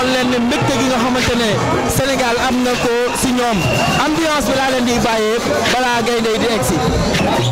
xool leen ne mbégte gi nga xamante ne Sénégal am na ko si ñoom ambiance bi laa leen di bàyyee balaa gaynde di egsi